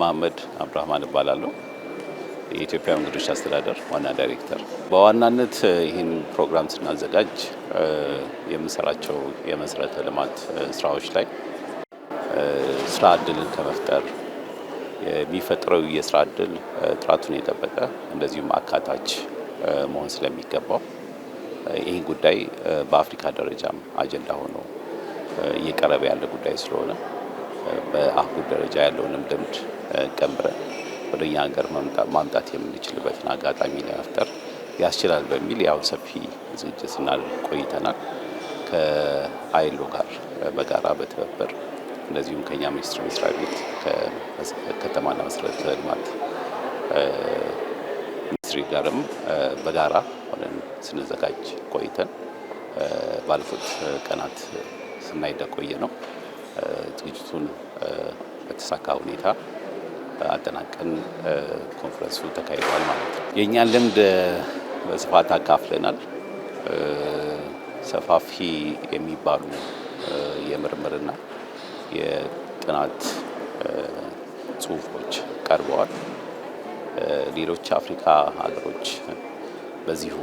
መሀመድ አብዱራህማን እባላለሁ። የኢትዮጵያ መንገዶች አስተዳደር ዋና ዳይሬክተር። በዋናነት ይህን ፕሮግራም ስናዘጋጅ የምንሰራቸው የመሰረተ ልማት ስራዎች ላይ ስራ እድልን ከመፍጠር የሚፈጥረው የስራ እድል ጥራቱን የጠበቀ እንደዚሁም አካታች መሆን ስለሚገባው ይህ ጉዳይ በአፍሪካ ደረጃም አጀንዳ ሆኖ እየቀረበ ያለ ጉዳይ ስለሆነ በአህጉር ደረጃ ያለውንም ልምድ ቀምረን ወደ እኛ ሀገር ማምጣት የምንችልበትን አጋጣሚ ለመፍጠር ያስችላል በሚል ያው ሰፊ ዝግጅት ስናደርግ ቆይተናል። ከአይሎ ጋር በጋራ በትብብር እንደዚሁም ከኛ ሚኒስቴር መስሪያ ቤት ከከተማና መሰረተ ልማት ሚኒስትሪ ጋርም በጋራ ሆነን ስንዘጋጅ ቆይተን ባለፉት ቀናት ስናይደቆየ ነው። ዝግጅቱን በተሳካ ሁኔታ አጠናቀን ኮንፈረንሱ ተካሂዷል ማለት ነው። የእኛን ልምድ በስፋት አካፍለናል። ሰፋፊ የሚባሉ የምርምርና የጥናት ጽሁፎች ቀርበዋል። ሌሎች አፍሪካ ሀገሮች በዚሁ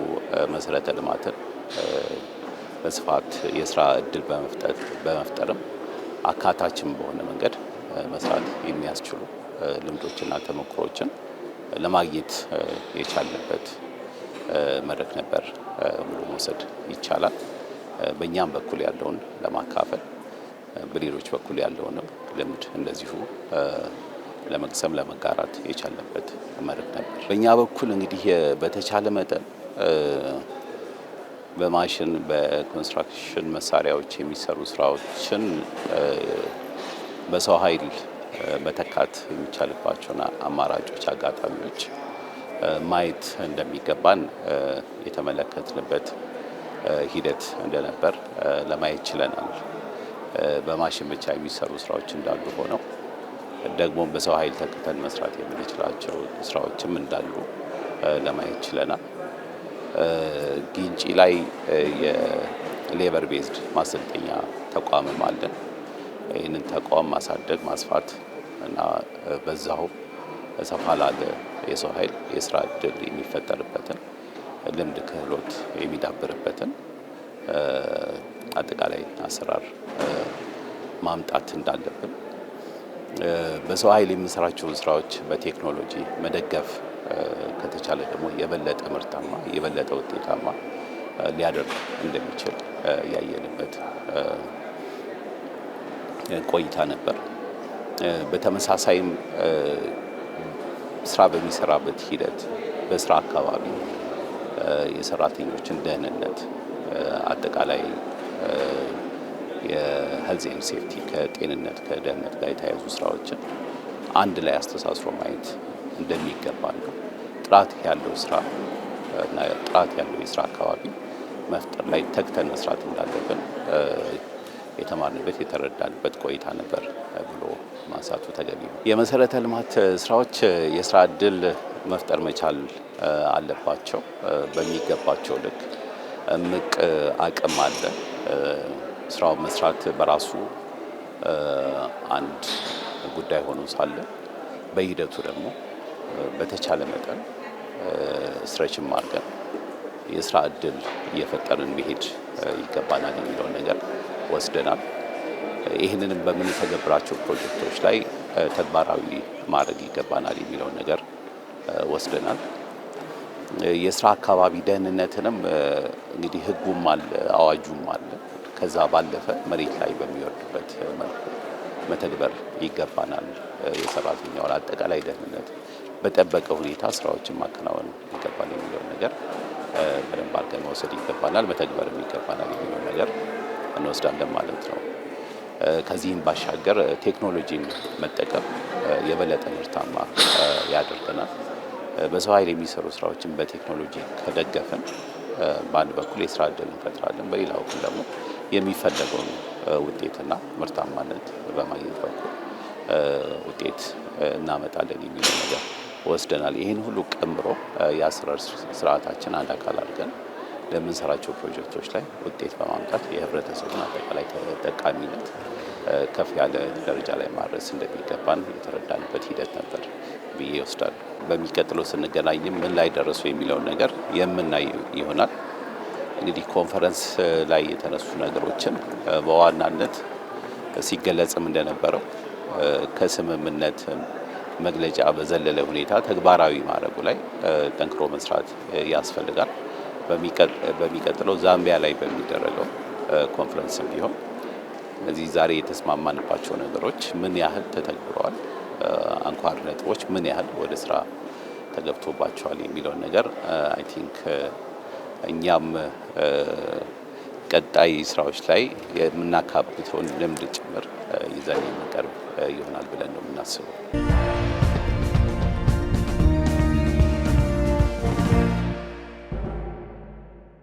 መሰረተ ልማትን በስፋት የስራ እድል በመፍጠርም አካታችን በሆነ መንገድ መስራት የሚያስችሉ ልምዶችና ተሞክሮችን ለማግኘት የቻልንበት መድረክ ነበር ብሎ መውሰድ ይቻላል። በእኛም በኩል ያለውን ለማካፈል በሌሎች በኩል ያለውንም ልምድ እንደዚሁ ለመቅሰም ለመጋራት የቻልንበት መድረክ ነበር። በእኛ በኩል እንግዲህ በተቻለ መጠን በማሽን በኮንስትራክሽን መሳሪያዎች የሚሰሩ ስራዎችን በሰው ኃይል መተካት የሚቻልባቸውን አማራጮች፣ አጋጣሚዎች ማየት እንደሚገባን የተመለከትንበት ሂደት እንደነበር ለማየት ችለናል። በማሽን ብቻ የሚሰሩ ስራዎች እንዳሉ ሆነው ደግሞ በሰው ኃይል ተክተን መስራት የምንችላቸው ስራዎችም እንዳሉ ለማየት ችለናል። ግንጪ ላይ የሌበር ቤዝድ ማሰልጠኛ ተቋምም አለን። ይህንን ተቋም ማሳደግ ማስፋት እና በዛው ሰፋ ላለ የሰው ኃይል የስራ እድል የሚፈጠርበትን ልምድ ክህሎት የሚዳብርበትን አጠቃላይ አሰራር ማምጣት እንዳለብን በሰው ኃይል የምንሰራቸውን ስራዎች በቴክኖሎጂ መደገፍ ከተቻለ ደግሞ የበለጠ ምርታማ የበለጠ ውጤታማ ሊያደርግ እንደሚችል ያየንበት ቆይታ ነበር። በተመሳሳይም ስራ በሚሰራበት ሂደት በስራ አካባቢ የሰራተኞችን ደህንነት አጠቃላይ የሄልዝ ኤንድ ሴፍቲ ከጤንነት ከደህንነት ጋር የተያያዙ ስራዎችን አንድ ላይ አስተሳስሮ ማየት እንደሚገባ ነው። ጥራት ያለው ስራ እና ጥራት ያለው የስራ አካባቢ መፍጠር ላይ ተግተን መስራት እንዳለብን የተማርንበት የተረዳንበት ቆይታ ነበር ብሎ ማንሳቱ ተገቢ ነው። የመሰረተ ልማት ስራዎች የስራ እድል መፍጠር መቻል አለባቸው። በሚገባቸው ልክ እምቅ አቅም አለ። ስራው መስራት በራሱ አንድ ጉዳይ ሆኖ ሳለ በሂደቱ ደግሞ በተቻለ መጠን ስትሬችም አድርገን የስራ እድል እየፈጠርን ቢሄድ ይገባናል የሚለውን ነገር ወስደናል። ይህንንም በምንተገብራቸው ፕሮጀክቶች ላይ ተግባራዊ ማድረግ ይገባናል የሚለውን ነገር ወስደናል። የስራ አካባቢ ደህንነትንም እንግዲህ ህጉም አለ፣ አዋጁም አለ። ከዛ ባለፈ መሬት ላይ በሚወርድበት መልኩ መተግበር ይገባናል። የሰራተኛውን አጠቃላይ ደህንነት በጠበቀ ሁኔታ ስራዎችን ማከናወን ይገባል የሚለውን ነገር በደንብ አድርገን መውሰድ ይገባናል፣ መተግበርም ይገባናል የሚለውን ነገር እንወስዳለን ማለት ነው። ከዚህም ባሻገር ቴክኖሎጂን መጠቀም የበለጠ ምርታማ ያደርገናል። በሰው ኃይል የሚሰሩ ስራዎችን በቴክኖሎጂ ከደገፍን በአንድ በኩል የስራ እድል እንፈጥራለን፣ በሌላ በኩል ደግሞ የሚፈለገውን ውጤትና ምርታማነት በማግኘት በኩል ውጤት እናመጣለን የሚለው ነገር ወስደናል። ይህን ሁሉ ቀምሮ የአሰራር ስርዓታችን አንድ አካል አድርገን ለምንሰራቸው ፕሮጀክቶች ላይ ውጤት በማምጣት የህብረተሰቡን አጠቃላይ ተጠቃሚነት ከፍ ያለ ደረጃ ላይ ማድረስ እንደሚገባን የተረዳንበት ሂደት ነበር ብዬ ይወስዳሉ። በሚቀጥለው ስንገናኝም ምን ላይ ደረሱ የሚለውን ነገር የምናየው ይሆናል። እንግዲህ ኮንፈረንስ ላይ የተነሱ ነገሮችን በዋናነት ሲገለጽም እንደነበረው ከስምምነት መግለጫ በዘለለ ሁኔታ ተግባራዊ ማድረጉ ላይ ጠንክሮ መስራት ያስፈልጋል። በሚቀጥለው ዛምቢያ ላይ በሚደረገው ኮንፈረንስም ቢሆን እነዚህ ዛሬ የተስማማንባቸው ነገሮች ምን ያህል ተተግብረዋል፣ አንኳር ነጥቦች ምን ያህል ወደ ስራ ተገብቶባቸዋል የሚለውን ነገር አይ ቲንክ እኛም ቀጣይ ስራዎች ላይ የምናካብተውን ልምድ ጭምር ይዘን የሚቀርብ ይሆናል ብለን ነው የምናስበው።